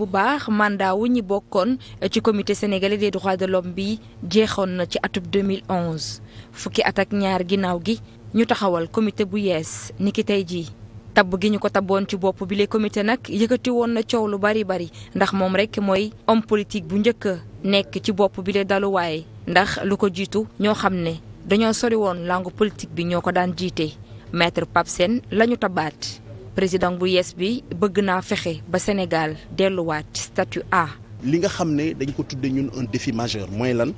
bu baax mandat wu ñi bokkoon ci comité sénégalais des droits de l'homme bi jeexoon na ci atub 2011 fukki at ak ñaar ginnaaw gi ñu taxawal comité bu yees niki tey jii. tabb gi ñu ko tabboon ci bopp bi le comité nag yëkkati woon na coow lu bari bari ndax moom rek mooy homme politique bu njëkk nekk ci bopp bi le daluwaay ndax lu ko jiitu ñoo xam ne dañoo sori woon langue politique bi ñoo ko daan jiite maître Pape Sène la ñu tabaat. président bu yees bi bëgg naa fexe ba Sénégal delluwaat statut A. li nga xam ne dañ ko tudde ñun un défi majeur mooy lan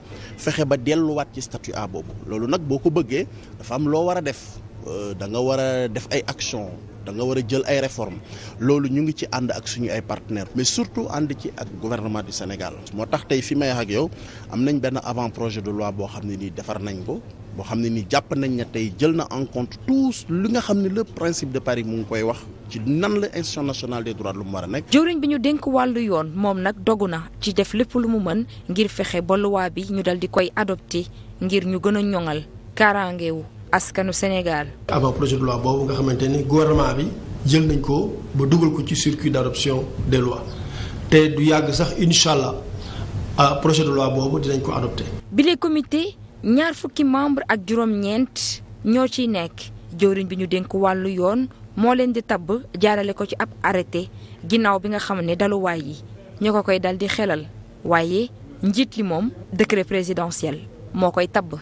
fexe ba delluwaat ci statut A boobu loolu nag boo ko bëggee dafa am loo war a def. Euh, da nga war a def ay action danga nga war a jël ay réformes loolu ñu ngi ci ànd ak suñu ay partenaires mais surtout ànd ci ak gouvernement du Sénégal moo tax tey fi ma wax ak yow am nañ benn avant projet de loi boo xam ne nii defar nañ ko boo xam ne nii jàpp nañ ne tey jël na en compte tous li nga xam ne le principe de Paris mu ngi koy wax ci nan la institution nationale des droits de l'homme war a nekk. jëwriñ bi ñu dénk wàllu yoon moom nag dogu na ci def lépp lu mu mën ngir fexe ba bi ñu dal di koy adopté ngir ñu gën a ñoŋal askanu Sénégal. avant projet de loi boobu nga xamante ni gouvernement bi jël nañ ko ba dugal ko ci circuit d'adoption des lois te du yàgg sax incha allah ah, projet de loi boobu dinañ ko adopté. bile comité ñaar fukki membre ak juróom-ñeent ñoo ciy nekk jëwriñ bi ñu dénk wàllu yoon moo leen di tabb jaarale ko ci ab arrêté ginnaaw bi nga xam ne daluwaay yi ñoo ko koy dal di xelal waaye njiit li moom décret présidentiel moo koy tabb.